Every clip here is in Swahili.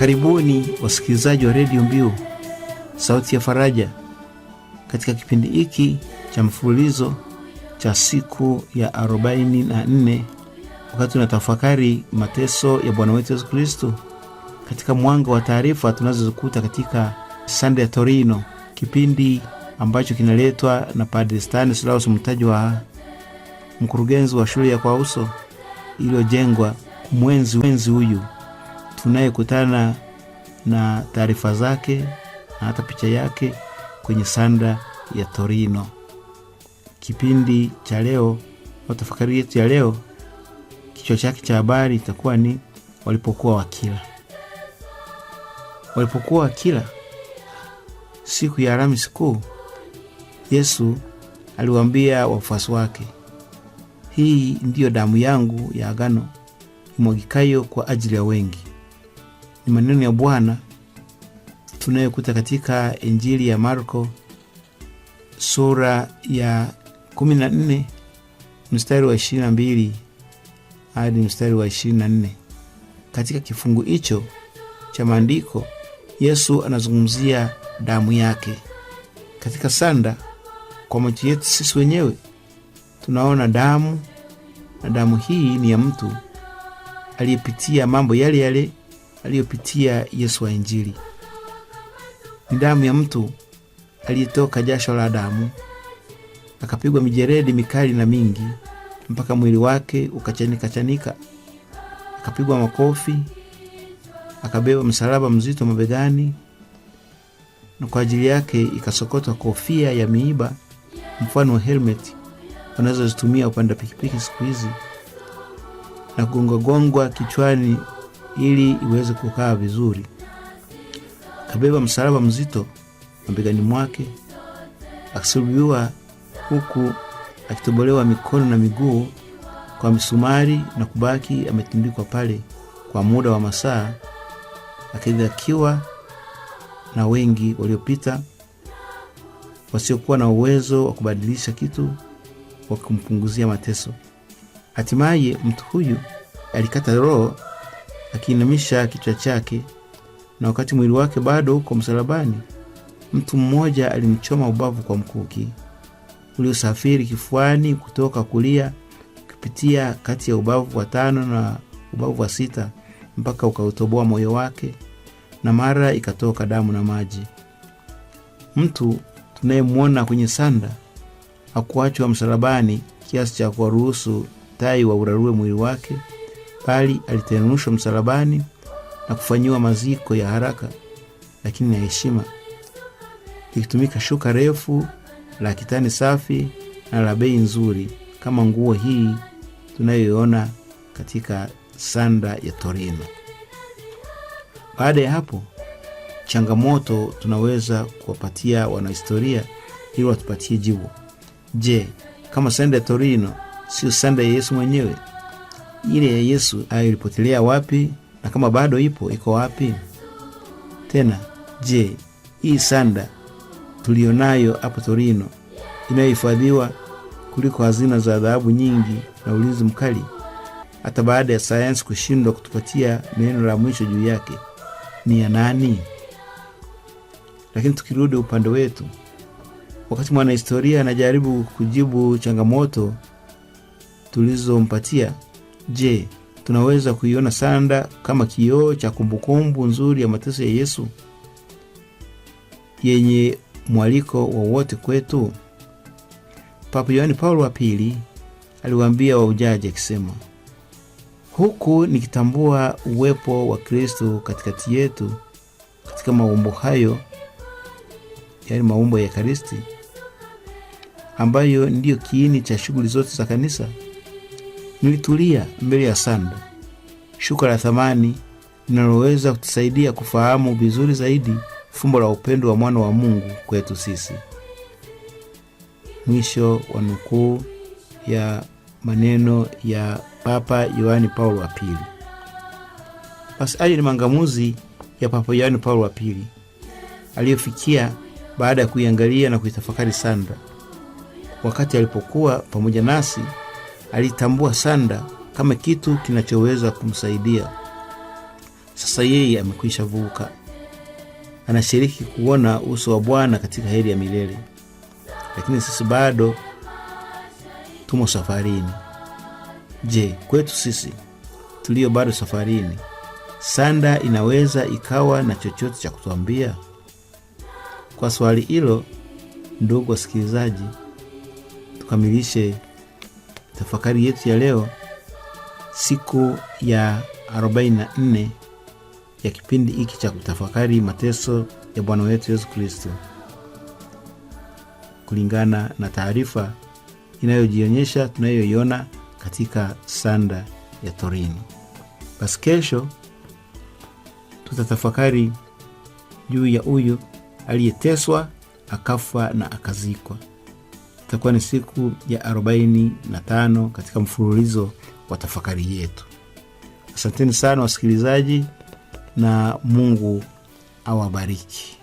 Karibuni wasikilizaji wa redio Mbiu sauti ya faraja, katika kipindi hiki cha mfululizo cha siku ya 44 wakati tunatafakari mateso ya Bwana wetu Yesu Kristo katika mwanga wa taarifa tunazozikuta katika Sande ya Torino, kipindi ambacho kinaletwa na Padre Stanislaus Mutajwaha, mkurugenzi wa shule ya KWAUSO iliyojengwa kumwenzi mwenzi huyu tunayekutana na taarifa zake na hata picha yake kwenye sanda ya Torino. Kipindi cha leo au tafakari yetu ya leo, kichwa chake cha habari itakuwa ni walipokuwa wakila. Walipokuwa wakila, siku ya Alhamisi Kuu, Yesu aliwaambia wafuasi wake, hii ndiyo damu yangu ya agano imwagikayo kwa ajili ya wengi ni maneno ya Bwana tunayokuta katika Injili ya Marko sura ya 14 mstari wa 22 hadi mstari wa 24. Katika kifungu hicho cha maandiko Yesu anazungumzia damu yake katika sanda. Kwa macho yetu sisi wenyewe tunaona damu, na damu hii ni ya mtu aliyepitia mambo yale yale aliyopitia Yesu wa Injili. Ni damu ya mtu aliyetoka jasho la damu, akapigwa mijeredi mikali na mingi mpaka mwili wake ukachanika chanika, akapigwa makofi, akabeba msalaba mzito mabegani, na kwa ajili yake ikasokotwa kofia ya miiba mfano wa helmet wanazozitumia upanda pikipiki siku hizi na kugongwagongwa kichwani ili iweze kukaa vizuri. Kabeba msalaba mzito mabegani mwake, akisulubiwa huku akitobolewa mikono na miguu kwa misumari na kubaki ametundikwa pale kwa muda wa masaa, akidhakiwa na wengi waliopita wasiokuwa na uwezo wa kubadilisha kitu, wakimpunguzia mateso. Hatimaye mtu huyu alikata roho akiinamisha kichwa chake, na wakati mwili wake bado uko msalabani, mtu mmoja alimchoma ubavu kwa mkuki uliosafiri kifuani kutoka kulia ukipitia kati ya ubavu wa tano na ubavu wa sita mpaka ukautoboa moyo wake, na mara ikatoka damu na maji. Mtu tunayemwona kwenye sanda akuachwa msalabani kiasi cha kuwaruhusu tai waurarue mwili wake bali aliteremshwa msalabani na kufanyiwa maziko ya haraka lakini na heshima, likitumika shuka refu la kitani safi na la bei nzuri kama nguo hii tunayoiona katika sanda ya Torino. Baada ya hapo, changamoto tunaweza kuwapatia wanahistoria ili watupatie jibu. Je, kama sanda ya Torino sio sanda ya Yesu mwenyewe? ile ya Yesu ayo ilipotelea wapi, na kama bado ipo iko wapi? Tena je, hii sanda tuliyonayo hapo Torino inayohifadhiwa kuliko hazina za dhahabu nyingi na ulinzi mkali, hata baada ya sayansi kushindwa kutupatia neno la mwisho juu yake, ni ya nani? Lakini tukirudi upande wetu, wakati mwanahistoria anajaribu kujibu changamoto tulizompatia Je, tunaweza kuiona sanda kama kioo cha kumbukumbu nzuri ya mateso ya Yesu yenye mwaliko wowote kwetu? Papa Yohani Paulo wa pili aliwaambia waujaji akisema, huku nikitambua uwepo wa Kristo katikati yetu katika maumbo hayo, yaani maumbo ya Ekaristi ambayo ndiyo kiini cha shughuli zote za kanisa. Nilitulia mbele ya sanda, shuka la thamani linaloweza kutusaidia kufahamu vizuri zaidi fumbo la upendo wa mwana wa Mungu kwetu sisi. Mwisho wa nukuu ya maneno ya Papa Yohani Paulo wa Pili. basi aje ni mangamuzi ya Papa Yohani Paulo wa Pili aliyofikia baada ya kuiangalia na kuitafakari sanda wakati alipokuwa pamoja nasi Alitambua sanda kama kitu kinachoweza kumsaidia. Sasa yeye amekwisha vuka, anashiriki kuona uso wa Bwana katika heri ya milele, lakini sisi bado tumo safarini. Je, kwetu sisi tulio bado safarini, sanda inaweza ikawa na chochote cha kutuambia? Kwa swali hilo, ndugu wasikilizaji, tukamilishe tafakari yetu ya leo, siku ya 44 ya kipindi hiki cha kutafakari mateso ya Bwana wetu Yesu Kristo kulingana na taarifa inayojionyesha tunayoiona katika sanda ya torini Basi kesho tutatafakari juu ya huyu aliyeteswa akafa na akazikwa itakuwa ni siku ya 45 katika mfululizo wa tafakari yetu. Asanteni sana wasikilizaji na Mungu awabariki.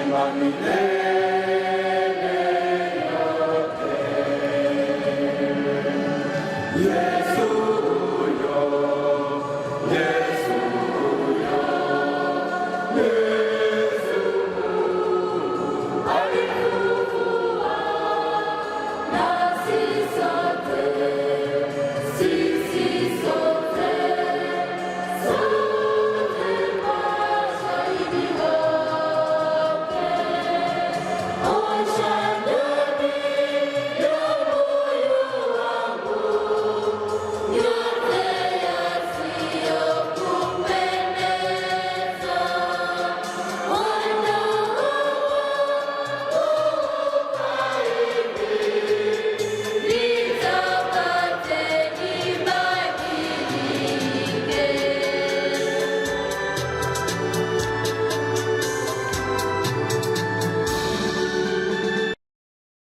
Emmanuel.